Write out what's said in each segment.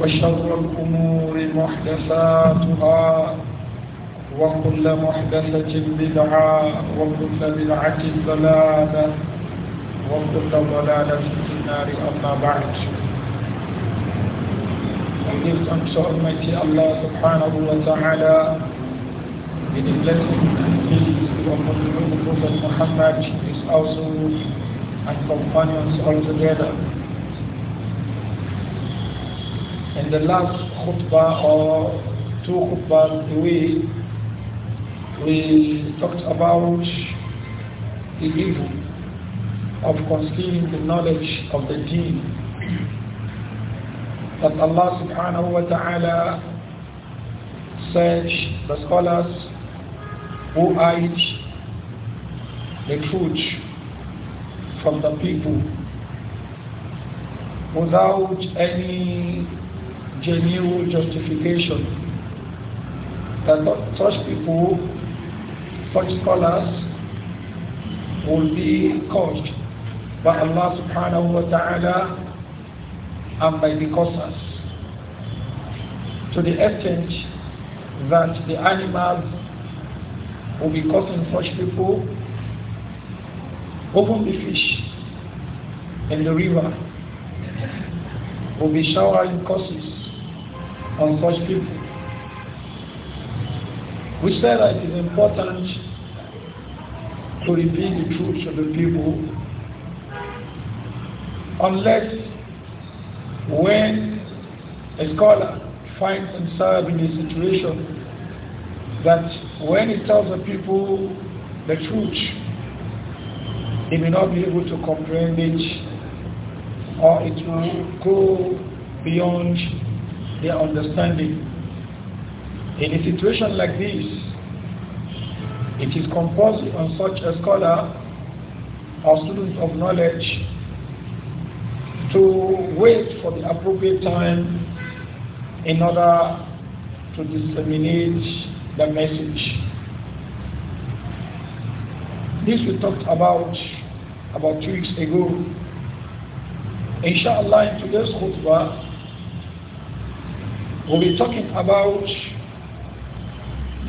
وشر الأمور محدثاتها وكل محدثة بدعة وكل بدعة ضلالة وكل ضلالة في النار أما بعد I أن thanks الله Almighty Allah subhanahu wa ta'ala محمد is also and peace upon his household and companions all together. in the last khutbah or two khutbahs we we talked about the evil of concealing the knowledge of the deen that Allah subhanahu wa ta'ala says the scholars who hide the truth from the people without any genuine justification. That such people, such scholars, will be caused by Allah subhanahu wa ta'ala and by the causes. To the extent that the animals will be causing such people, open the fish in the river, will be showering curses on such people. We say that it is important to reveal the truth to the people unless when a scholar finds himself in a situation that when he tells the people the truth, he may not be able to comprehend it or it will go beyond their understanding. In a situation like this, it is composed on such a scholar or student of knowledge to wait for the appropriate time in order to disseminate the message. This we talked about about two weeks ago. Inshallah, in today's khutbah, We'll be talking about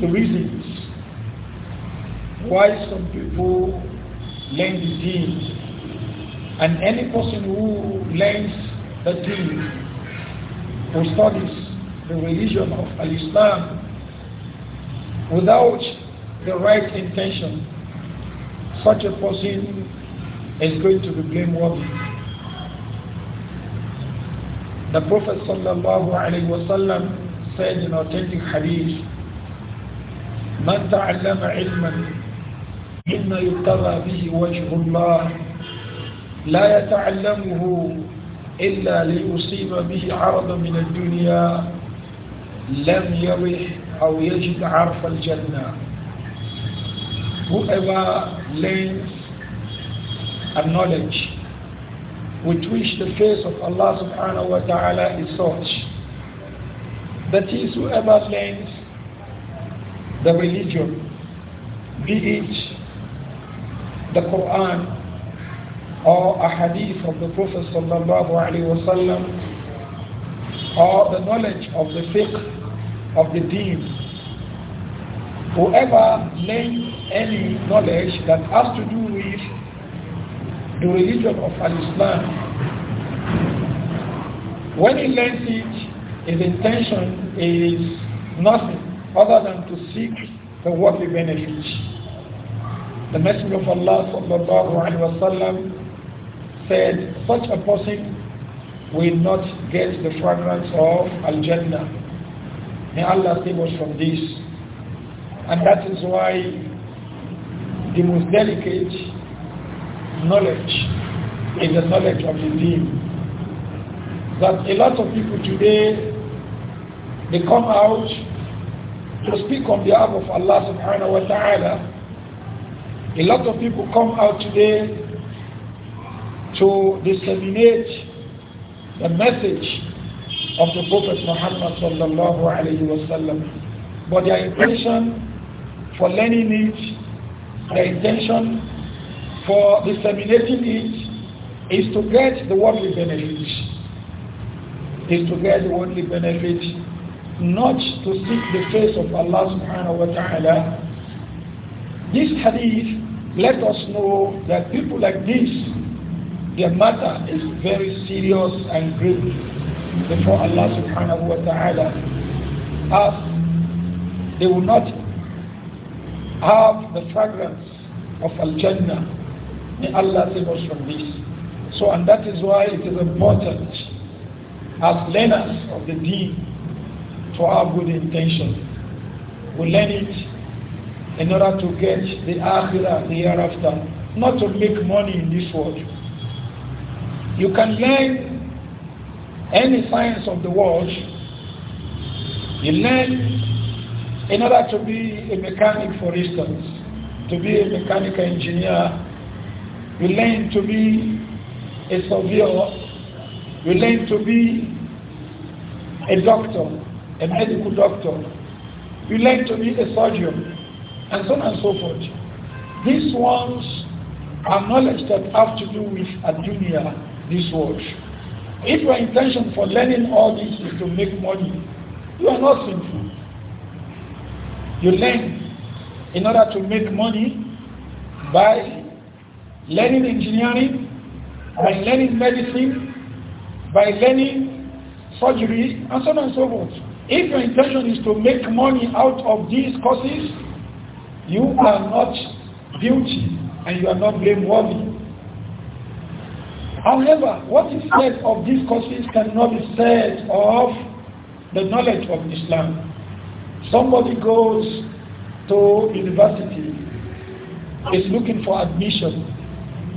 the reasons why some people learn the deen. And any person who learns the deen, who studies the religion of Al-Islam without the right intention, such a person is going to be blameworthy the Prophet ﷺ said in authentic hadith, من تعلم علما إن يبتغى به وجه الله لا يتعلمه إلا ليصيب به عرضا من الدنيا لم يرح أو يجد عرف الجنة whoever learns and knowledge with which the face of Allah subhanahu wa ta'ala is such. That is, whoever learns the religion, be it the Quran or a hadith of the Prophet sallallahu alaihi wasallam, or the knowledge of the fiqh of the deen, whoever learns any knowledge that has to do the religion of Al-Islam. When he learns it, his intention is nothing other than to seek the worldly benefit. The Messenger of Allah وسلم, said, such a person will not get the fragrance of Al-Jannah. May Allah save us from this. And that is why the most delicate knowledge is the knowledge of the deen. That a lot of people today, they come out to speak on behalf of Allah subhanahu wa ta'ala. A lot of people come out today to disseminate the message of the Prophet Muhammad sallallahu alayhi wa sallam. But their intention for learning it, their intention for disseminating it is to get the worldly benefit. Is to get the worldly benefit, not to seek the face of Allah subhanahu wa ta'ala. This hadith let us know that people like this, their matter is very serious and grave before Allah subhanahu wa ta'ala. As they will not have the fragrance of Al-Jannah May Allah save us from this. So, and that is why it is important as learners of the deen to have good intention. We learn it in order to get the akhirah, the hereafter, not to make money in this world. You can learn any science of the world. You learn in order to be a mechanic, for instance, to be a mechanical engineer, you learn to be a surveyor. You learn to be a doctor, a medical doctor. You learn to be a surgeon, and so on and so forth. These ones are knowledge that have to do with a junior this world. If your intention for learning all this is to make money, you are not sinful. You learn in order to make money by learning engineering, by learning medicine, by learning surgery, and so on and so forth. If your intention is to make money out of these courses, you are not guilty and you are not blameworthy. However, what is said of these courses cannot be said of the knowledge of Islam. Somebody goes to university, is looking for admission,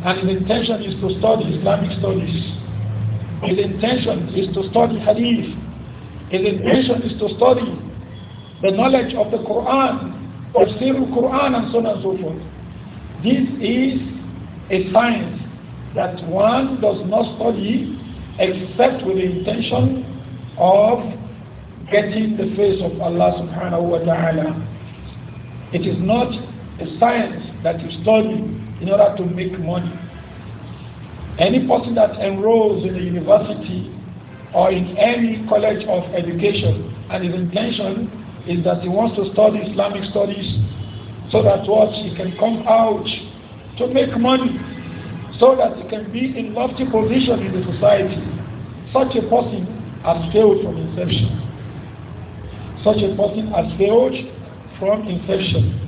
and his intention is to study Islamic studies. His intention is to study Hadith. His intention is to study the knowledge of the Quran, of Sirul Quran and so on and so forth. This is a science that one does not study except with the intention of getting the face of Allah subhanahu wa ta'ala. It is not a science that you study in order to make money. Any person that enrolls in a university or in any college of education and his intention is that he wants to study Islamic studies so that what he can come out to make money so that he can be in lofty position in the society. Such a person has failed from inception. Such a person has failed from inception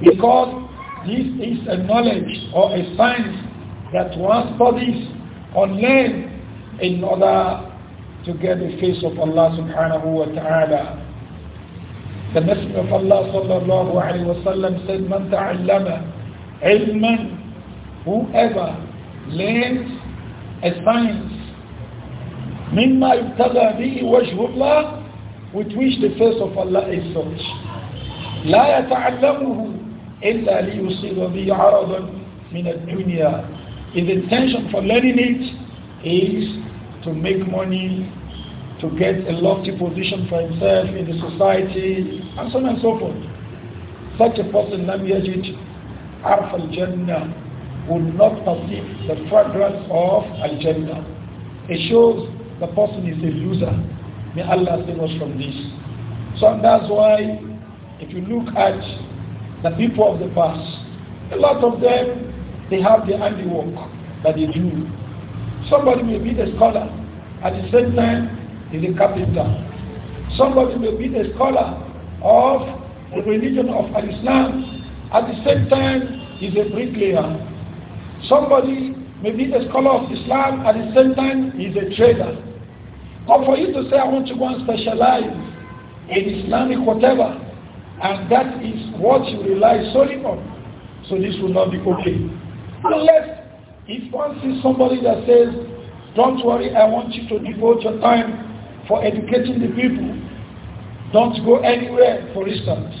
because this is a knowledge or a science that one studies or learns in order to get the face of Allah subhanahu wa ta'ala. The Messenger of Allah sallallahu alayhi wa sallam said, Man ta'allama ilman, whoever learns a science, mimma yubtada bihi wajhullah, with which the face of Allah is sought. لا يتعلمه إلا ليصيب به عرضا من الدنيا His intention for learning it is to make money, to get a lofty position for himself in the society, and so on and so forth. Such a person, لم يجد a الجنة, will not perceive the fragrance of al-Jannah. It shows the person is a loser. May Allah save us from this. So that's why, if you look at the people of the past. A lot of them, they have the handiwork that they do. Somebody may be the scholar, at the same time, he's a carpenter. Somebody may be the scholar of the religion of Islam, at the same time, he's a bricklayer. Somebody may be the scholar of Islam, at the same time, he's a trader. Or for you to say, I want to go and specialize in Islamic whatever, and that is what you rely solely on. So this will not be okay. Unless if one sees somebody that says, don't worry, I want you to devote your time for educating the people. Don't go anywhere, for instance.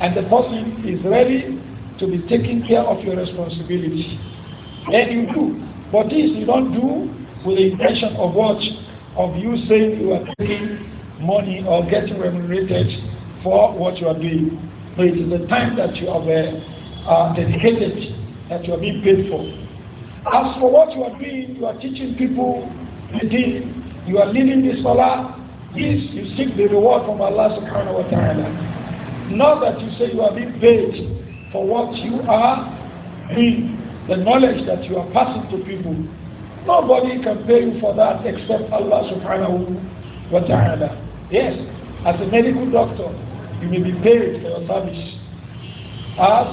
And the person is ready to be taking care of your responsibility. Then you do. But this you don't do with the intention of what? Of you saying you are taking money or getting remunerated for what you are doing. So it is the time that you have uh, uh, dedicated, that you are being paid for. As for what you are doing, you are teaching people indeed, you are leading the salah, yes, you seek the reward from Allah subhanahu wa ta'ala. Not that you say you are being paid for what you are doing, the knowledge that you are passing to people. Nobody can pay you for that except Allah subhanahu wa ta'ala. Yes, as a medical doctor, you may be paid for your service. As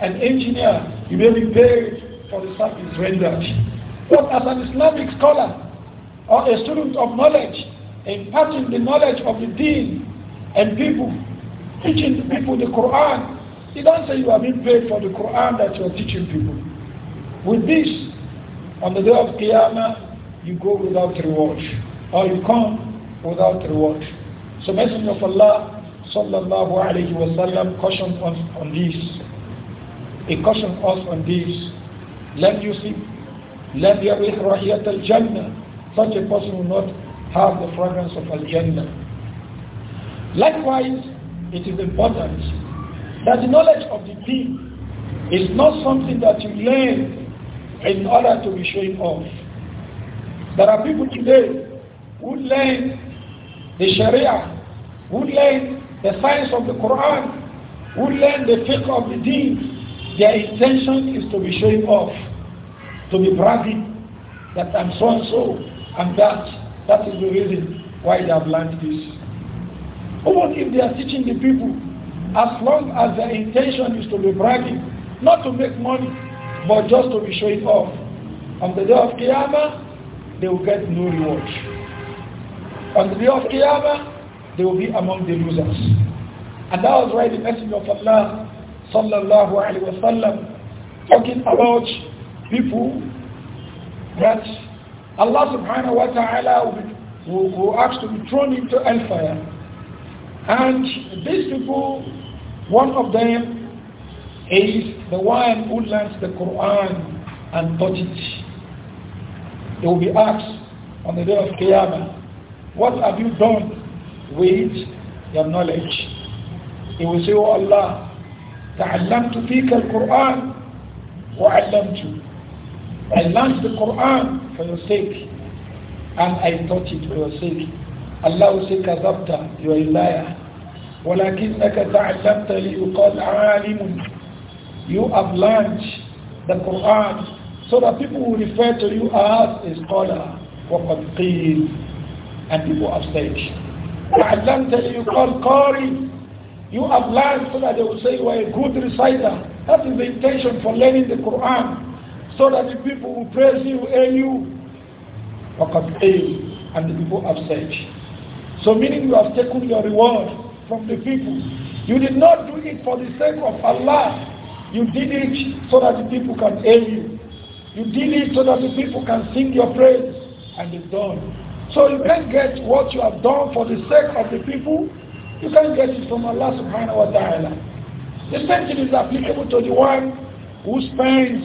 an engineer, you may be paid for the service rendered. But as an Islamic scholar or a student of knowledge, imparting the knowledge of the deen and people, teaching people the Quran, you don't say you are being paid for the Quran that you are teaching people. With this, on the day of Qiyamah, you go without reward, or you come without reward. So Messenger of Allah sallallahu alayhi wa sallam cautioned us on this. He cautioned us on this. Let you see, let yarith rahiyat al-jannah. Such a person will not have the fragrance of al-jannah. Likewise, it is important that the knowledge of the deen is not something that you learn in order to be showing off. There are people today who learn the Sharia, who learn the science of the Quran, who learn the faith of the deen, their intention is to be showing off, to be bragging that I'm so and so, and that. That is the reason why they have learned this. What if they are teaching the people? As long as their intention is to be bragging, not to make money, but just to be showing off. On the day of Qiyamah, they will get no reward. On the day of Qiyamah, they will be among the losers. And that was why the Messenger of Allah sallallahu alaihi wasallam talking about people that Allah subhanahu wa ta'ala will, will ask to be thrown into hellfire. And these people, one of them is the one who learns the Quran and taught it. They will be asked on the day of Qiyamah, what have you done with your knowledge. He will say, Oh Allah, تعلمت فيك القرآن وعلمت I learned the Quran for your sake and I taught it for your sake. Allah will say, كذبت, you are a liar. ولكنك تعلمت ليقال عالم. You have learned the Quran so that people will refer to you as a scholar. وقد قيل and people have said وعلمتني يقال قاري you have learned so that they will say you are a good reciter that is the intention for learning the Quran so that the people will praise you and you وقد and the people have said so meaning you have taken your reward from the people you did not do it for the sake of Allah you did it so that the people can aid you. You did it so that the people can sing your praise. And it's done. So you can't get what you have done for the sake of the people. You can't get it from Allah subhanahu wa ta'ala. The same thing is applicable to the one who spends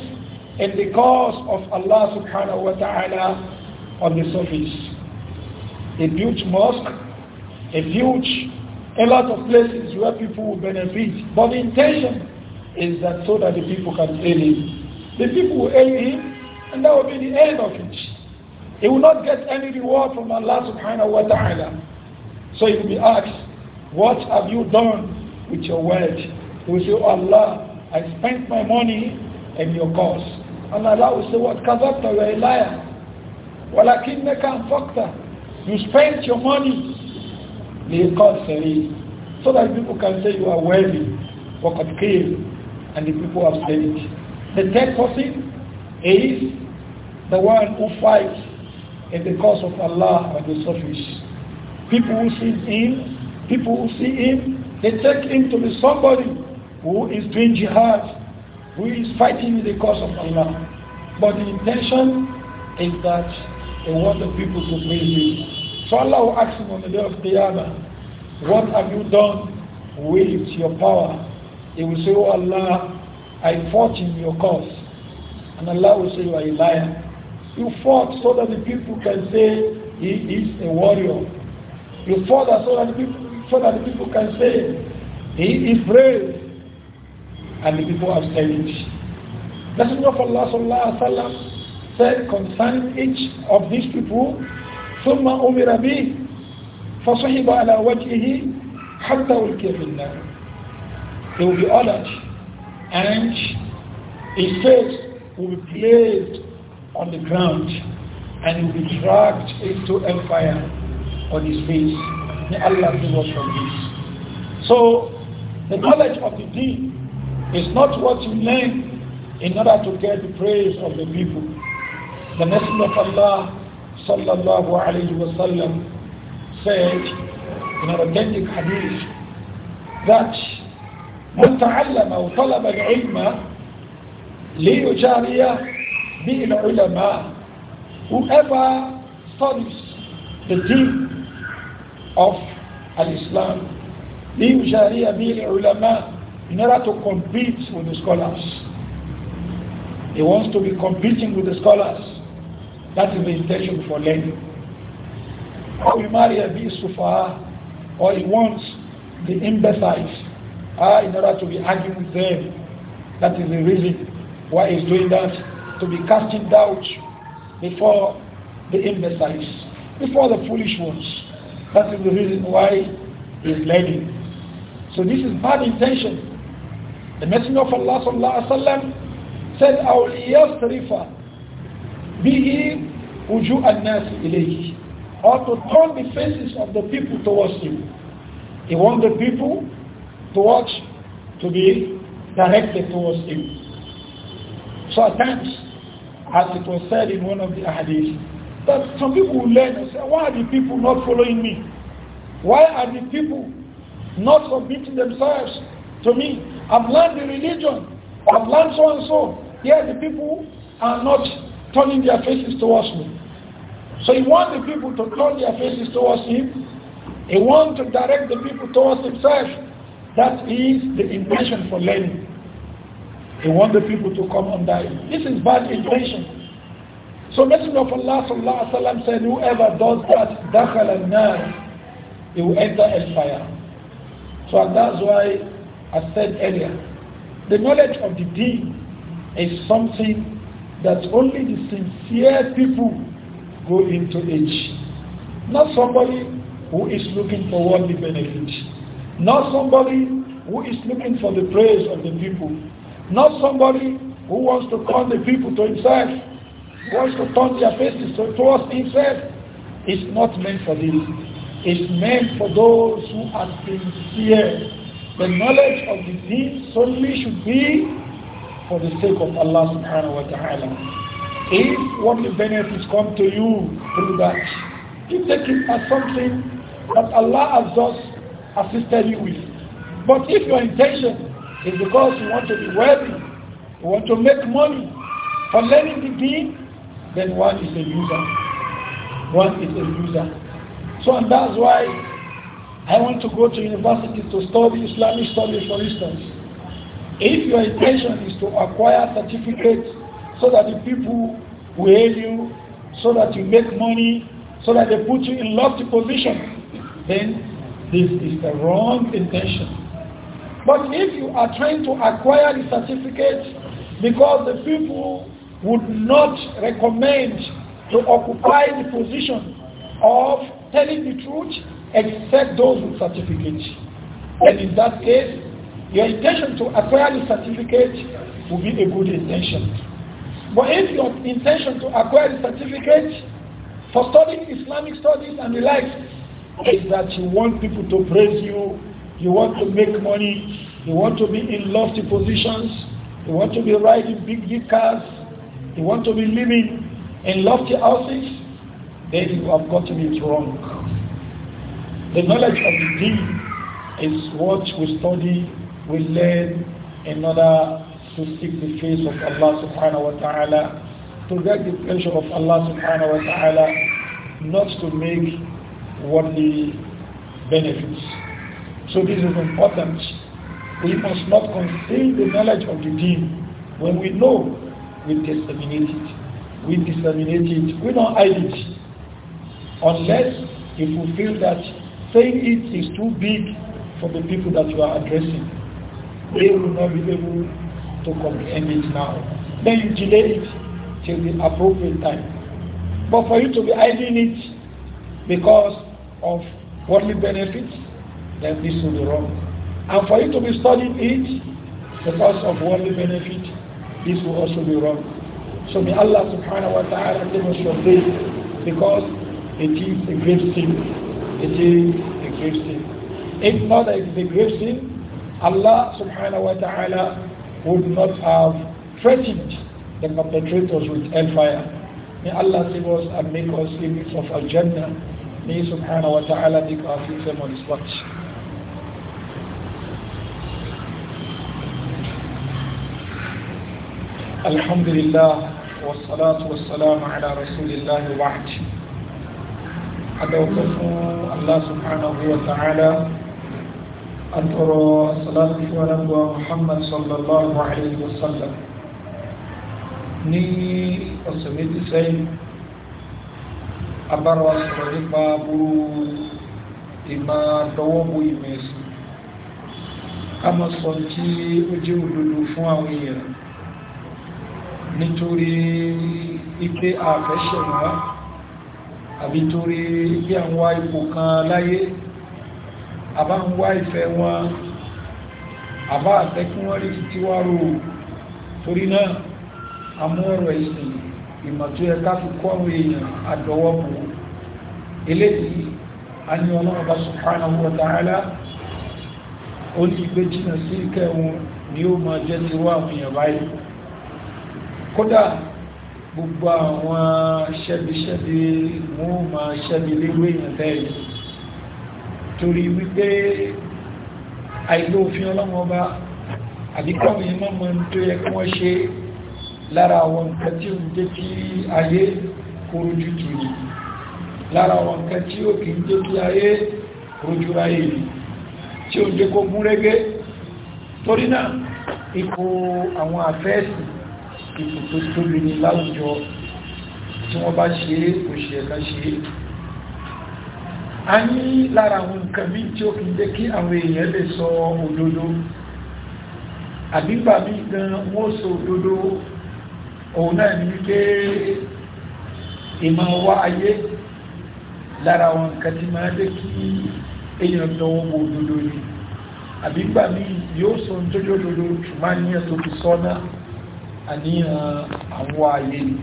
in the cause of Allah subhanahu wa ta'ala on the surface. A huge mosque, a huge, a lot of places where people will benefit. But the intention is that so that the people can aid him. The people will aid him and that will be the end of it. He will not get any reward from Allah subhanahu wa ta'ala. So he will be asked, what have you done with your wealth? He will say, oh Allah, I spent my money in your cause. And Allah will say, what kazabta, you are a liar. وَلَكِنَّكَ fakta, You spent your money cause, eh? So that people can say you are worthy, وَقَدْ And the people have said it. The third person is the one who fights in the cause of Allah and the surface. People who see him, people who see him, they take him to be somebody who is doing jihad, who is fighting in the cause of Allah. But the intention is that they want the people to praise him. So Allah will ask him on the day of Qiyamah, what have you done with your power? He will say, Oh Allah, I fought in your cause. And Allah will say, You are a liar. You fought so that the people can say he is a warrior. You fought so that the people, so that the people can say he is brave. And the people are saying That's Messenger of Allah sallallahu alaihi wasallam said concerning each of these people, ثم أمر به فصحب على وجهه حتى ألقي في He will be honored and his face will be placed on the ground and he will be dragged into empire on his face. May Allah forgive us from this. So the knowledge of the deen is not what you learn in order to get the praise of the people. The Messenger of Allah sallallahu alayhi wa sallam said in an authentic hadith that من تعلم طلب العلم ليجاريه bihi ulama whoever studies the deen of al-Islam liyushariya bihi ulama in order to compete with the scholars he wants to be competing with the scholars that is the intention for learning or yumariya so far, or he wants the imbeciles uh, in order to be arguing with them that is the reason why he's doing that to be casting doubt before the imbeciles, before the foolish ones. That is the reason why he is leading. So this is bad intention. The Messenger of Allah sallallahu alaihi wasallam said, "Aul yasrifa bihi wuju an-nas or to turn the faces of the people towards him. He wants the people to watch, to be directed towards him. So at times as it was said in one of the hadiths. But some people will learn and say, why are the people not following me? Why are the people not submitting themselves to me? I've learned the religion. I've learned so and so. Yet yeah, the people are not turning their faces towards me. So he wants the people to turn their faces towards him. He wants to direct the people towards himself. That is the intention for learning. He want the people to come and die. This is bad intention. So Messenger of Allah sallallahu alaihi wasallam said, whoever does that, dakhal al-nar, he will enter hellfire. So that's why I said earlier, the knowledge of the deen is something that only the sincere people go into it. Not somebody who is looking for worldly benefit. Not somebody who is looking for the praise of the people. Not somebody who wants to turn the people to himself, wants to turn their faces towards himself. It's not meant for this. It's meant for those who are sincere. The knowledge of the deen solely should be for the sake of Allah subhanahu wa ta'ala. If only benefits come to you through that, you take it as something that Allah has just assisted you with. But if your intention it's because you want to be wealthy, you want to make money. For learning to be, then one is a user. One is a user. So and that's why I want to go to university to study Islamic studies, for instance. If your intention is to acquire certificates so that the people will aid you, so that you make money, so that they put you in lofty position, then this is the wrong intention. But if you are trying to acquire the certificate because the people would not recommend to occupy the position of telling the truth except those with certificates. And in that case, your intention to acquire the certificate will be a good intention. But if your intention to acquire the certificate for studying Islamic studies and the like is that you want people to praise you you want to make money, you want to be in lofty positions, you want to be riding big, big cars, you want to be living in lofty houses, then you have gotten it wrong. The knowledge of the deen is what we study, we learn in order to seek the face of Allah subhanahu wa ta'ala, to get the pleasure of Allah subhanahu wa ta'ala, not to make worldly benefits. So this is important. We must not conceal the knowledge of the deen. When we know, we disseminate it. We disseminate it. We don't hide it. Unless if we feel that saying it is too big for the people that you are addressing. They will not be able to comprehend it now. Then you delay it till the appropriate time. But for you to be hiding it because of worldly benefits, then this will be wrong. And for you to be studying it because of worldly benefit, this will also be wrong. So may Allah subhanahu wa ta'ala demonstrate this because it is a grave sin. It is a grave sin. If not it is a grave sin, Allah subhanahu wa ta'ala would not have threatened the perpetrators with hellfire. May Allah save us and make us inmates of Al-Jannah. May subhanahu wa ta'ala make our future more الحمد لله والصلاة والسلام على رسول الله وبعد أدوكف الله سبحانه وتعالى أترى الصلاة ونبوى محمد صلى الله عليه وسلم ní ọ̀sẹ̀ méjì sẹ́yìn abára wa sọ̀rọ̀ nípa burú ìmá dọwọ́bù ìmẹ̀sì ká mọ̀ nítorí ipé àfẹ́ṣẹ̀ wá àbí torí ipé àwọn wá ipò kan láyé àbá ń wá ìfẹ́ wọn àbá àtẹ́kún wọ́n rí títí wá rò torí náà àmú ọ̀rọ̀ ìsìn ìmọ̀ tó yẹ ká fi kọ́ àwọn èèyàn àdọwọ́ bò eléyìí a ní ọlọ́run bá subhanahu wa ta'ala ó ní ìgbé jìnnà sí ìkẹwọn ni ó máa jẹ́ tiwọ́ àwọn èèyàn báyìí kódà gbogbo àwọn ṣẹ́bi-ṣẹ́bi wọ́n máa ṣẹ́bi léwé èèyàn bẹ́ẹ̀ torí wípé àìlò òfin ọlọ́run ọba àbíkọ́mù yìí mọ́mọ́ tó yẹ kí wọ́n ṣe lára àwọn nǹkan tí ó ń jẹ́ kí ayé kórójú kiri lára àwọn nǹkan tí ó kìí jẹ́ kí ayé kórójú ráyè yìí tí ó ń jẹ́ kó gún régé torí náà ipò àwọn àfẹ́ẹ̀sì ipò tó tóbi ní láwùjọ tí wọ́n bá ṣe é kò ṣe ẹ̀ka ṣe é a ní lára àwọn nǹkan míì tí ó fi jẹ́ kí àwọn èèyàn lè sọ òdodo àbígbà míì gan wọ́n sọ òdodo òun náà ní wípé ìmọ̀ wá ayé lára àwọn nǹkan tí máa jẹ́ kí èèyàn lọ wo òdodo ni àbígbà míì yóò sọ òdodo ṣùgbọ́n ní ẹ̀ fi sọ náà àníyàn àwọn ayé ni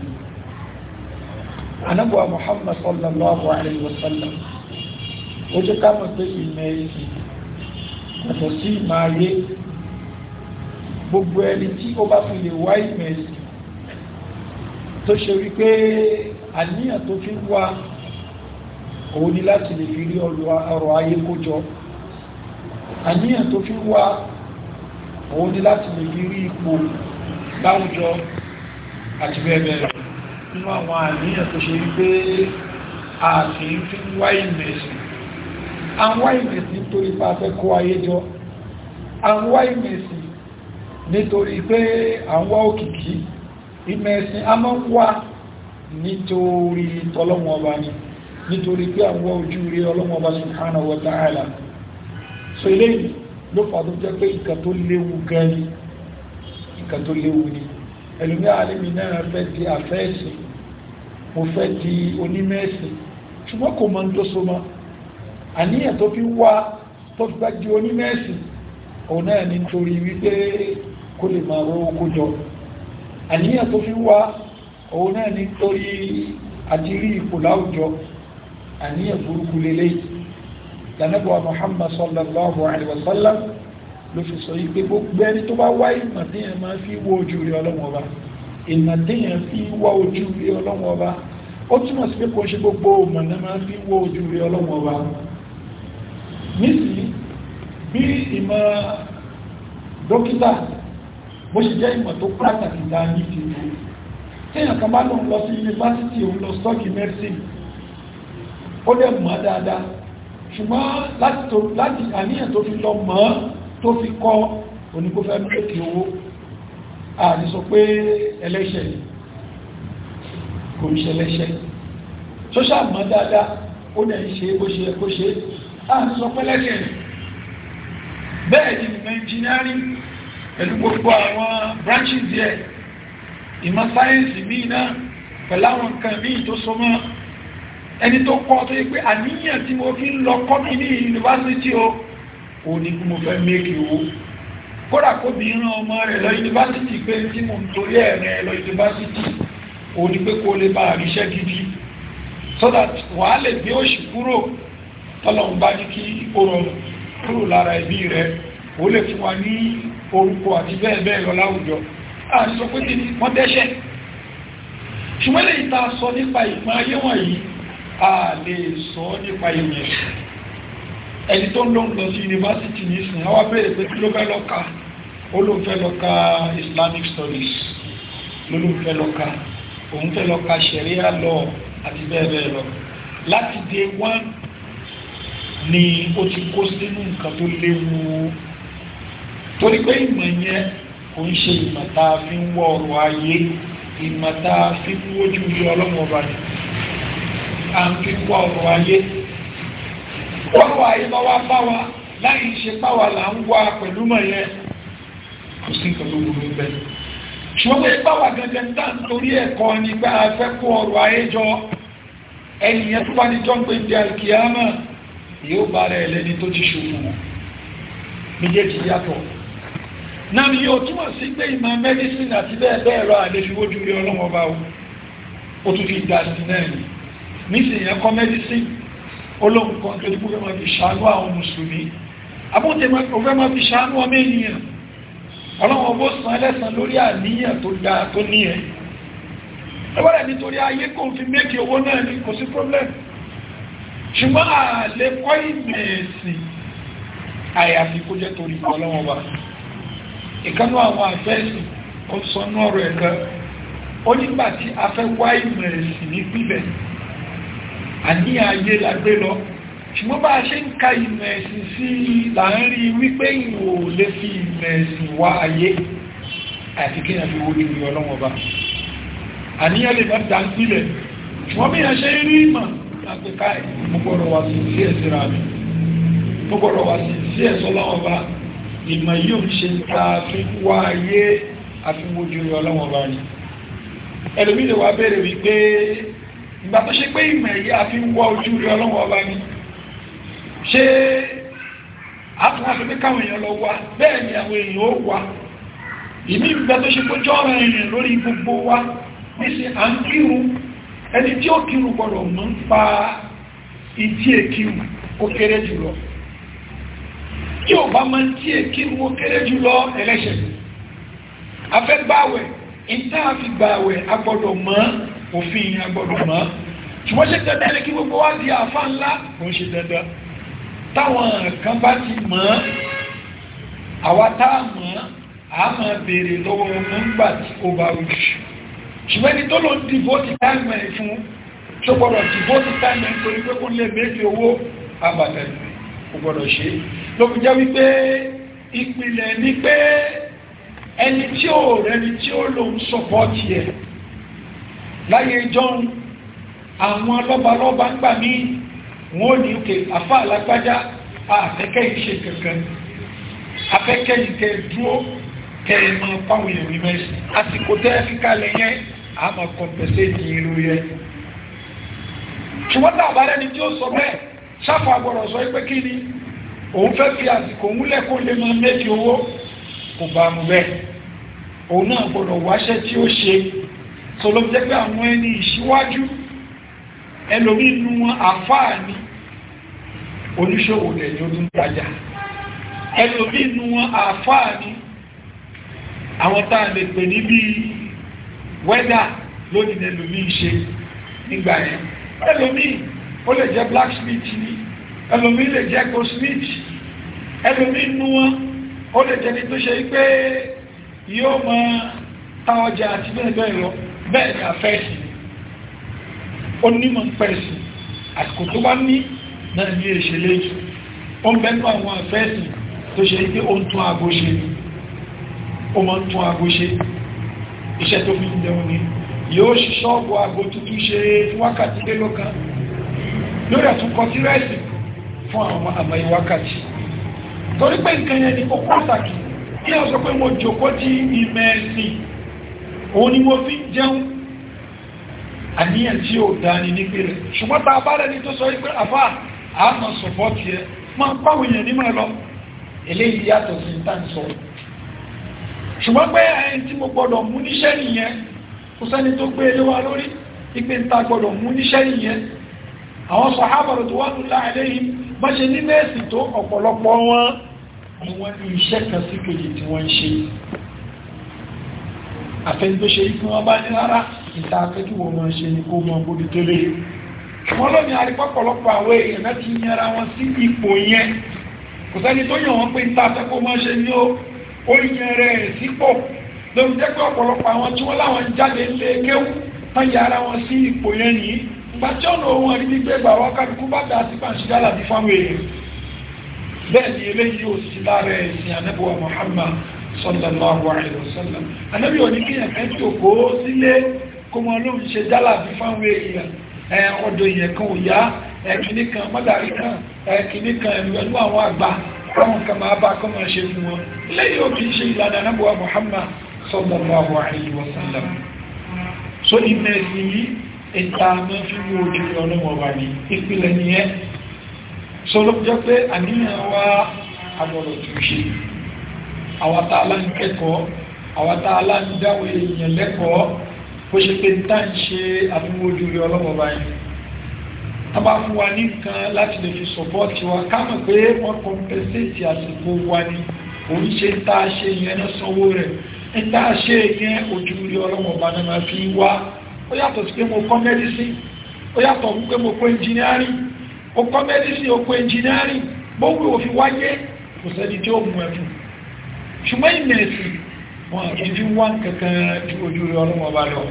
anábọ̀wà Muhammad sallallahu alayhi wa sallam ó jẹ́ ká mọ̀ pé ìmọ̀ ẹ̀sìn yàtọ̀ sí ìmọ̀ ayé gbogbo ẹni tí ó bá fi lè wá ìmọ̀ ẹ̀sìn tó ṣe wípé àníyàn tó fi wá òun ni láti lè fi rí ọrọ̀ ayé kójọ àníyàn tó fi wá òun ni láti lè fi rí ipò láwùjọ àti bẹ́ẹ̀ bẹ́ẹ̀ lọ nínú àwọn àníyàn tó ṣe wípé ń fi wá àwọn ìmẹ̀sìn torí pé afẹ́ kó ayé jọ àwọn ìmẹ̀sìn nítorí pé àwọn òkìkí ìmẹ̀sìn a máa ń wá nítorí tọ́lọ́wọ́n ọba ni nítorí pé àwọn ojú rí ọba so ló fà tó jẹ́ pé nǹkan tó léwu ni ẹlòmí àlèmí náà fẹ́ di àfẹ́ẹ̀sì mo fẹ́ di onímẹ̀ẹ̀sì ṣùgbọ́n kò mọ̀ tó so mọ́ àníyàn tó fi wá tó fi bá di onímẹ̀ẹ̀sì òun náà ni torí wípé kó lè máa rówó kó jọ àníyàn tó fi wá òun náà ni torí àdírí ipò láwùjọ àníyàn burúkú lélẹ́yìí lànàbọ̀ Muhammad sallallahu alaihi wasallam ló fi sọ yìí pé gbogbo ẹni tó bá wá ìmọ̀ téèyàn máa fi wá ojú rí ọlọ́run ọba ìmọ̀ téèyàn fi wá ojú rí ọlọ́run ọba ó túmọ̀ sí pé kò ṣe gbogbo ìmọ̀ náà máa fi wá ojú rí ọlọ́run ọba nísìnyí bí ìmọ̀ dókítà bó ṣe jẹ́ ìmọ̀ tó pàtàkì dáa ní ti tó téèyàn kan bá lòun lọ sí yunifásitì òun lọ stọ́ọ̀kì mẹ́rìsìnì ó dẹ̀ mọ̀ dáadáa ṣùgbọ́n láti àníyàn tó fi lọ mọ́ tó fi kọ́ oníkófẹ́ mẹ́kì owó àti sọ pé ẹlẹ́ṣẹ̀ kò ń ṣe ẹlẹ́ṣẹ̀ ṣọ́ṣà mọ́ dáadáa ó nẹ̀ ṣe bó ṣe ẹkó ṣe àti pé lẹ́ṣẹ̀ bẹ́ẹ̀ ni engineering pẹ̀lú gbogbo àwọn branches yẹ ìmọ̀ sáyẹ́nsì míì náà pẹ̀lú àwọn nǹkan míì tó so mọ́ ẹni tó kọ́ tó yẹ pé àníyàn tí mo fi ń lọ kọ́ mi ní yunifásitì o o ní kí mo fẹ́ méèkì owó kódà kó bí rán ọmọ rẹ̀ lọ yunifásitì pé tí mo ń torí ẹ̀rẹ̀ lọ yunifásitì ó ní pé kó lè bá àríṣẹ́ gidi so that wàá lè gbé òṣì kúrò tọ́lọ́run bá ní kí o rọrùn kúrò lára ẹbí rẹ̀ ó lè fún wa ní orúkọ àti bẹ́ẹ̀ bẹ́ẹ̀ lọ láwùjọ àti sọ pé wọ́n dẹ́ṣẹ̀ ṣùgbọ́n lè ta sọ nípa ìpín ayé wọ̀nyí a lè sọ nípa ìwé ẹni tó ń lọ lọ sí yunifásitì ní ìsìn àwọn abẹ́rẹ́ pé ló fẹ́ lọ ka ó ló fẹ́ lọ ka Islamic studies ló ló fẹ́ lọ ka òun fẹ́ lọ ka sharia law àti bẹ́ẹ̀ bẹ́ẹ̀ lọ láti day one ni ó ti kó sínú nǹkan tó léwu torí pé ìmọ̀ yẹn kò ń ṣe ìmọ̀ tá a fi ń wọ ọ̀rọ̀ ayé ìmọ̀ tá a fi ń wójú ọlọ́mọba ni à ń fi wọ ọ̀rọ̀ ayé wọ́n wà ayé wa láì ṣe bá wa là ń wá pẹ̀lú mọ̀ yẹn kò sí nǹkan tó burú bẹ́ẹ̀ ṣùgbọ́n pé bá wa gangan tá à ń torí ẹ̀kọ́ nígbà afẹ́ kó ọrọ̀ ayé jọ ẹnìyẹn tó bá ní jọ́ ń pè ní alkiyama yóò bá rẹ̀ lẹ́ni tó ti ṣòfò méjèèjì yàtọ̀ náà ni yóò túmọ̀ sí pé ìmọ̀ mẹ́dísìn àti bẹ́ẹ̀ bẹ́ẹ̀ rọ àlè fi wójú rí ọlọ́mọba ó tún fi dà sí náà ní kọ́ mẹ́dísìn olóhùn kan tó dípò fẹ́ máa fi ṣàánú àwọn mùsùlùmí abúntẹ̀ fẹ́ máa fi ṣàánú ọmọ ènìyàn ọlọ́wọ́n bó san ẹlẹ́sàn lórí àníyàn tó ga tó ní ẹ̀ lọ́wọ́rẹ̀ nítorí ayé kò fi méjì owó náà ní kò sí problem ṣùgbọ́n àlè kọ́ ìmẹ̀ẹ̀sì àyàfi kó jẹ́ torí ọlọ́wọ́n wa ìkanú àwọn àfẹ́sì ó sọ náà rẹ̀ gan ó nígbà tí a fẹ́ wá ìmẹ̀ẹ̀sì àníyàn ayé la gbé lọ ṣùgbọ́n bá a ṣe ń ka ìmọ̀ ẹ̀sìn sí là ń rí wípé ìwò lè fi ìmọ̀ ẹ̀sìn wá ayé àti kí èèyàn fi wo ìrìn ọlọ́wọ́n bá àníyàn lè máa dàn sílẹ̀ ṣùgbọ́n bí a ṣe rí ìmọ̀ àpẹká gbogbo wa sì sí ẹ̀sìn ra mi gbogbo wa sì sí lè wá bẹ̀rẹ̀ wípé ìgbà tó ṣe pé ìmọ̀ èyí a fi ń wọ ojú rí ọlọ́wọ́ ọba ni ṣé àtúnwáṣe pé káwọn èèyàn lọ wá bẹ́ẹ̀ ni àwọn èèyàn ó wá ìmí ìgbà tó ṣe pójọ́ ọ̀rọ̀ èèyàn lórí gbogbo wa níṣẹ́ à ń kírun ẹni tí ó kírun gbọ́dọ̀ mú ń pa ìdí èkírun ó kéré jùlọ tí ò bá máa ń tí èkírun ó kéré jùlọ ẹlẹ́ṣẹ̀ afẹ́ gbàwẹ̀ àfi gbàwẹ̀ agbọ́dọ̀ mọ́ òfin agbọ́dọ̀ mọ́ ṣùgbọ́n ṣe dandan ní kí gbogbo wá di àfá ńlá kò ń ṣe dandan táwọn kan bá ti mọ́ àwa tá a mọ́ a máa béèrè lọ́wọ́ nígbà tí ó bá rú jù ṣùgbọ́n ẹni tó ló ń dìbòtì táìmù ẹ̀ fún tó gbọ́dọ̀ dìbòtì táìmù ẹ̀ torí pé kó lè méjì owó abàtà kò gbọ́dọ̀ ṣe ló fi jẹ́ wípé ìpìlẹ̀ ni pé ẹni tí ó rẹni tí ó lòun sọ̀pọ̀ tiẹ̀ láyé john àwọn lọ́balọ́ba ń gbà ní wọ́n ní òkè àfá alágbájá àfẹ́kẹ́ ìṣe kankan afẹ́kẹ́ ìtẹ́ dúró kẹrìnmọ́ pàwọn èèyàn rí mẹ́sì àsìkò tẹ́ fi kalẹ̀ yẹn a máa kọ̀mpẹ́sẹ̀ ní irú yẹ ṣùgbọ́n tá àbárẹ́ ni tí ó sọ bẹ́ẹ̀ ṣáfà gbọ́dọ̀ sọ pé kí ni òun fẹ́ fi àsìkò múlẹ̀ kó lè máa méjì owó kò bá mu bẹ́ẹ̀ òun náà gbọ́dọ̀ wáṣẹ́ tí ó ṣe so ló jẹ́ pé àwọn ẹni ìṣíwájú ẹlòmí inú wọn àfáà ni oníṣòwò lẹ́yìn ọdún tajà ẹlòmí inú wọn àfáà ni àwọn táà lè pè ní wẹ́dà lónìí ẹlòmí ṣe nígbà yẹn ẹlòmí ó lè jẹ́ blacksmith ni ẹlòmí lè jẹ́ goldsmith ẹlòmí inú wọn ó lè jẹ́ ní tó ṣe pé yóò mọ táwọn jẹ àti bẹ́ẹ̀ bẹ́ẹ̀ lọ bẹ́ẹ̀ ni àfẹ́ẹ̀sì onímọ̀ pẹ̀sì àsìkò tó bá ní náà ní èṣe léjù ó ń bẹ́nu àwọn àfẹ́ẹ̀sì tó ṣe pé ó ń tún aago ṣe ni ó máa ń tún aago ṣe iṣẹ́ tó fi ń jẹun ni yóò ṣe ṣọ́ọ̀bù aago tuntun ṣe fún wákàtí lé lọ́kan lórí àtúnkọ sí rẹ́ẹ̀sì fún àwọn àmàyí wákàtí torí pé nǹkan yẹn ni kò pàtàkì ní ọ̀sọ̀ pé mo jòkó tí ìmẹ̀ òun ni mo fi ń jẹun àníyàn tí ò dání ní pé rẹ̀ ṣùgbọ́n ta bá rẹni tó sọ wípé àfá àmọ́ sọ̀pọ̀tì ẹ ma ń pàwọn èèyàn ní máa lọ eléyìí yàtọ̀ sí ń tàn sọ ṣùgbọ́n pé ẹni tí mo gbọ́dọ̀ mú níṣẹ́ nìyẹn kò sẹ́ni tó gbé eléwà lórí ipe ń ta gbọ́dọ̀ mú níṣẹ́ nìyẹn àwọn sọ̀hábàrò tó wà ní láàrẹ́yìn bá ṣe ní mẹ́ẹ̀sì tó ọ̀pọ̀lọpọ̀ wọn ni wọ́n ní iṣẹ́ kan sí kejì tí wọ́n ń ṣe àfẹ́yìn tó ṣe ikú wọn bá ní rárá ìta akẹ́kí wọn máa ṣe ni kó mọ bóbi tó lé wọn lónìí arípọ̀pọ̀lọpọ̀ àwọn èèyàn náà ti yẹra wọn sí ipò yẹn kò sẹ́ni tó yàn wọ́n pé ìta akẹ́kọ̀ọ́ máa ṣe ni ó yẹn rẹ̀ sípò lórí jẹ́pẹ́ ọ̀pọ̀lọpọ̀ àwọn tí wọ́n láwọn jáde ń lé kéwù tán yàrá wọn sí ipò yẹn nìyí gbàjọ́nà ohun àrí gbígbé gbà wọ́n kálukú bá dá sí pàṣídá làbí fáwọn èèyàn bẹ́ẹ̀ ni eléyìí ò sí lára ẹ̀sìn Muhammad sallallahu alaihi wasallam anábì òní kí ẹ̀kẹ́ tí ò kó sílé kó mọ́ ló ń ṣe jálà bí fáwọn èèyàn ẹ̀ ọ̀dọ̀ èèyàn kan ò yá ẹ̀kìní kan mọ́dàrí kan ẹ̀kìní kan ẹ̀lú àwọn àgbà so ìmẹ̀ sí yìí ìta mọ́ fi mú ojú ọlọ́wọ́ wà ní ìpìlẹ̀ so ló jẹ́ pé àníyàn wá agbọ̀rọ̀ tó ṣe àwọn tá a lá ń kẹ́kọ̀ọ́ àwọn tá a lá ń dáwọ́ èèyàn lẹ́kọ̀ọ́ bó ṣe pé tá ń ṣe àdúgbò ojú rí ọlọ́wọ́ báyìí tá bá fún wa ní nǹkan láti lè fi sọ̀pọ́ọ̀tì wa ká mọ̀ pé wọ́n kọ́mpẹ́sẹ̀tì àsìkò wa ni òun ṣe tá a ṣe yẹn náà sanwó rẹ̀ ń tá a ṣe yẹn ojú rí ọlọ́wọ́ bá náà máa fi wá ó yàtọ̀ sí pé mo kọ́ medicine ó yàtọ̀ wípé mo kọ́ engineering ó kọ́ medicine ó kọ́ engineering bó wù òfin wáyé kò sẹ́ni tí ó mú ẹ̀fún ṣùgbọ́n ìmẹ̀ ẹ̀sìn wọn ìdí wọn kankan ju ojú rẹ̀ ọlọ́wọ́ bá lọ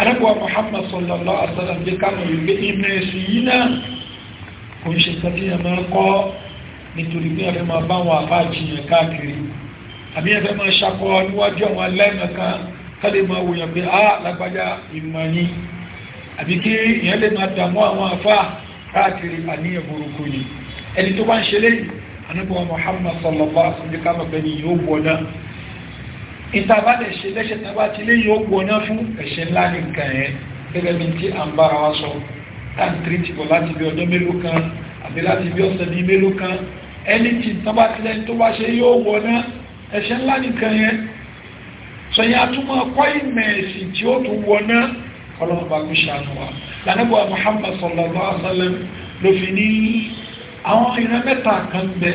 arábùwà Muhammad sallallahu alaihi wa sallam jẹ́ káwọn ìgbé ìmẹ̀ ẹ̀sìn yìí náà kò ń ṣe sàtìyàn máa kọ́ nítorí pé ẹ̀fẹ́ máa bá wọn àbá jiyàn káàkiri àbí ẹ̀fẹ́ máa ṣakọ níwájú àwọn alẹ́mọ̀kan kálẹ̀ máa wòyàn pé á lágbájá ìmọ̀ ni àbí kí ìyẹn lè máa dààmú àwọn àfá káàkiri àníyàn burúkú ni ẹni tó bá ń ṣe léyìí anábọ̀ Muhammad sallallahu alaihi wasallam ká bàbá ni yóò gbọ́ náà ìtàbá lè ṣe lẹ́ṣẹ̀ tàbá ti lé yóò gbọ́ náà fún ẹ̀ṣẹ̀ ńlá ní nǹkan ẹ̀ gẹ́gẹ́ bí tí a ń bára wa sọ táǹtìrì ti bọ̀ láti bí ọjọ́ mélòó kan àbí láti bí ọ̀sẹ̀ bíi mélòó kan ẹni tí tàbá ti lẹ́ni tó bá ṣe yóò gbọ́ náà ńlá ní nǹkan ẹ̀ sọ̀yìn atúmọ̀ kọ́ ìmẹ̀ ẹ̀sìn tí ó tún wọ náà kọ́lọ́mọba kò ṣàánú wa lànàbọ̀ Muhammad sallallahu alaihi wasallam ló fi ní àwọn ìran mẹ́ta kan bẹ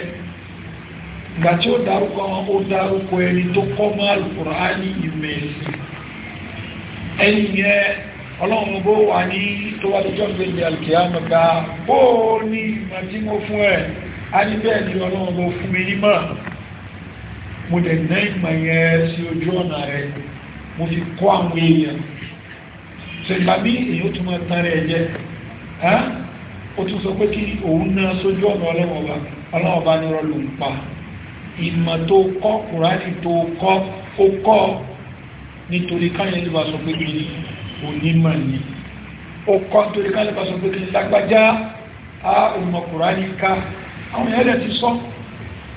ìgbà tí ó dárúkọ wọn ó dárúkọ ẹni tó kọ́ mọ́ alukùránì ìmọ̀ ẹ̀sìn ẹni yẹn ọlọ́run bó wà ní tó wà lójọ́ ìgbèlè alkiyama ga bó ní ìmọ̀ tí mo fún ẹ̀ a ní bẹ́ẹ̀ ni ọlọ́run bó fún mi nímọ̀ mo dẹ̀ ná ìmọ̀ yẹn sí ojú ọ̀nà rẹ̀ mo fi kọ́ àwọn èèyàn ṣèlú àbí èyí ó túnmọ̀ tán rẹ̀ jẹ́ ó tún sọ pé kí òun náà sójú ọ̀nà ọlọ́wọ́ba ọlọ́wọ́ba ní rọlù ń pa ìmọ̀ tó kọ́ kùránì tó kọ́ ó kọ́ nítorí káyẹ̀ lè bá sọ pé kí onímọ̀ ni ó kọ́ nítorí káyẹ̀ lè bá sọ pé kí lágbájá á òmọ̀ kùránì ká àwọn èèyàn rẹ̀ ti sọ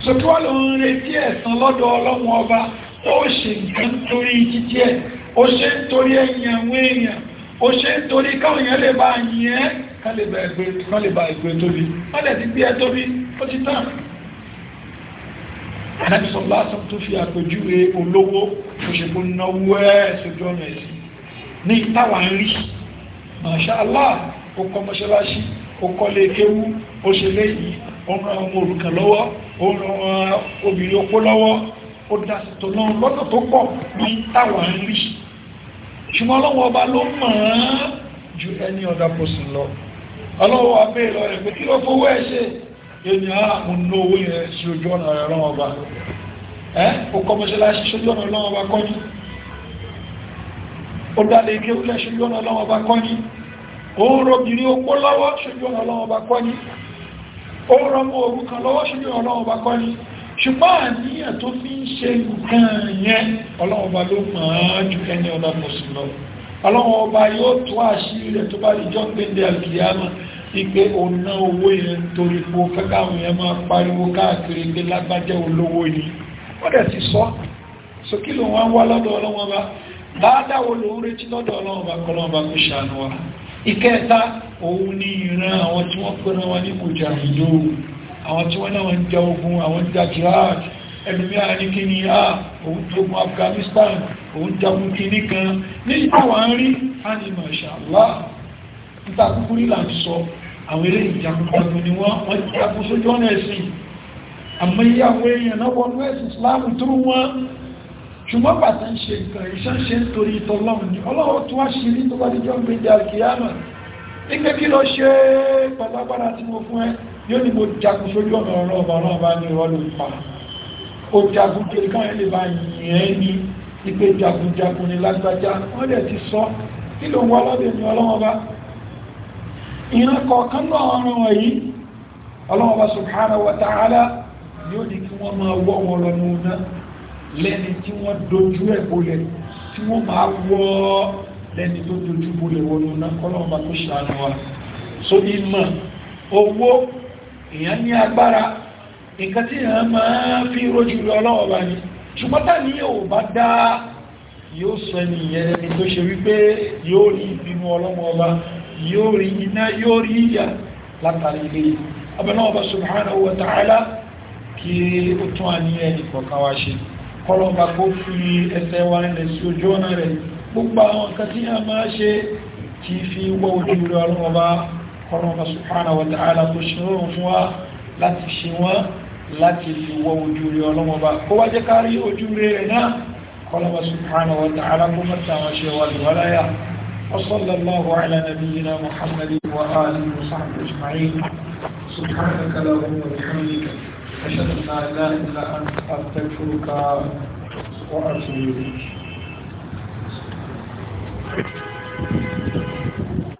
so kí wọ́n lọ ń retí ẹ̀san lọ́dọ̀ ọlọ́wọ́n ọba ó ṣe nǹkan torí títí ó ṣe ń ẹ̀yìn àwọn èèyàn ó ṣe ń káwọn èèyàn lè bá yìn kán lè ba ìgbé tóbi wọ́n lè ti gbé ẹ tóbi ó ti tán àdájọ́sọ lásán tó fi àpèjúwe olówó òṣèpò náwó ẹ̀ sójú ọ̀nà ẹ̀sìn ní ìtawà ń rí Masha Allah ó kọ́ mọ́ṣáláṣí ó kọ́lé kéwú ó ṣe léyìí ó ran ọmọ òrukàn lọ́wọ́ ó ran obìnrin opó lọ́wọ́ ó dá sètò náà lọ́nà tó pọ̀ ní ìtawà ń rí ṣùgbọ́n ọlọ́wọ́ ọba ló mọ̀ ọ́n ju any other person lọ ọlọ́wọ́ abẹ́ ìlọ rẹ̀ pé kí ló fowó ẹ̀ ṣe èmi àmú ah, ná owó yẹn sí ojú ọ̀nà rẹ̀ rán ọba ẹ́ o kọ́ mọ́ṣáláṣí sójú ọ̀nà rán ọba kọ́ ní o dalẹ̀ ike ó lẹ́ sójú ọ̀nà rán ọba kọ́ ní o ń robìnrin opó lọ́wọ́ sójú ọ̀nà rán ọba kọ́ ní o ń rọmọ òrukàn lọ́wọ́ sójú ọ̀nà rán ọba kọ́ ṣùgbọ́n àníyàn tó fi ń ṣe nǹkan yẹn ọlọ́run ọba ló mọ̀ ipe ona owó yẹn torí fún fẹ́kàwò yẹn máa pariwo káàkiri pé lágbájẹ́ olówó ni wọ́n dẹ̀ ti sọ so kí ló wọ́n wá lọ́dọ̀ ọlọ́wọ́n bá dáadáwo lòún retí lọ́dọ̀ ọlọ́wọ́n bá kọ́lọ́wọ́n bá kó ṣàánú wa ìkẹta òun ni ìran àwọn tí wọ́n pẹ́ra wọn ní mùjàhìdó àwọn tí ni a ah, òun jogun Afghanistan òun jagun kìíní kan ní ìtàwà ń rí ánìmọ̀ ṣàlá níta kúkúrí là ń sọ àwọn eré ìjàkúkú ni wọ́n wọ́n ti kàkú sójú ọ̀nà ẹ̀sìn àmọ́ iye àwọn èèyàn náà wọnú ẹ̀sìn Islamu tó wọ́n ṣùgbọ́n pàtàkì ń ṣe nǹkan iṣẹ́ ń ṣe nítorí ìtọ́lọ́run ni ọlọ́run tó wá ṣe ní tó bá díjọ́ gbé di alkiyama nígbẹ́ kí lọ ṣe pàlágbára tí mo fún ẹ yóò ní mo jagun sójú ọ̀nà ọ̀rọ̀ ọba náà bá ní ìrọ́lù pa ipe jagun jagun ní lágbájá wọ́n dẹ̀ ti sọ kí ló ìran kọ̀ọ̀kan náà ọ̀ràn wọ̀nyí ọlọ́wọ́ subhanahu wa ta'ala yóò ní kí wọ́n máa wọ́ wọn lọ nù náà lẹ́ni tí wọ́n dojú ẹ̀ bolẹ̀ tí wọ́n máa wọ́ lẹ́ni tó dojú bolẹ̀ wọn nù náà ọlọ́wọ́ bá tó ṣàánú wa so ìmọ̀ owó èèyàn ní agbára nǹkan tí èèyàn máa fi rojú lọ ọlọ́wọ́ bá ní ṣùgbọ́n tá ní ò bá dá yóò sọ ẹni ìyẹn ẹni tó ṣe wípé yóò rí ìbínú ọlọ́wọ́ bá yóò rí iná yóò rí ìyà látàrí ilé abẹ́nà ọba subhanahu wa ta'ala kí ó tún àníyàn nìkọ̀ọ̀kan wá ṣe kọlọ̀mbà kó fi ẹsẹ̀ wa rẹ̀ sí ojú ọ̀nà rẹ̀ gbogbo àwọn kan tí a máa ṣe kí fi wọ́ ojú rẹ̀ ọlọ́mọba kọlọ̀mbà subhanahu wa ta'ala kó ṣe rọrùn fún wa láti ṣe wọ́n láti fi wọ́ ojú rẹ̀ ọlọ́mọba kó wá jẹ́ kárí ojú rẹ̀ náà kọlọ̀mbà subhanahu wa ta'ala kó mọ́ta àwọn ṣe wà lọ́láyà وصلى الله على نبينا محمد وآله وصحبه أجمعين سبحانك اللهم وبحمدك أشهد أن لا إله إلا أنت أستغفرك وأتوب إليك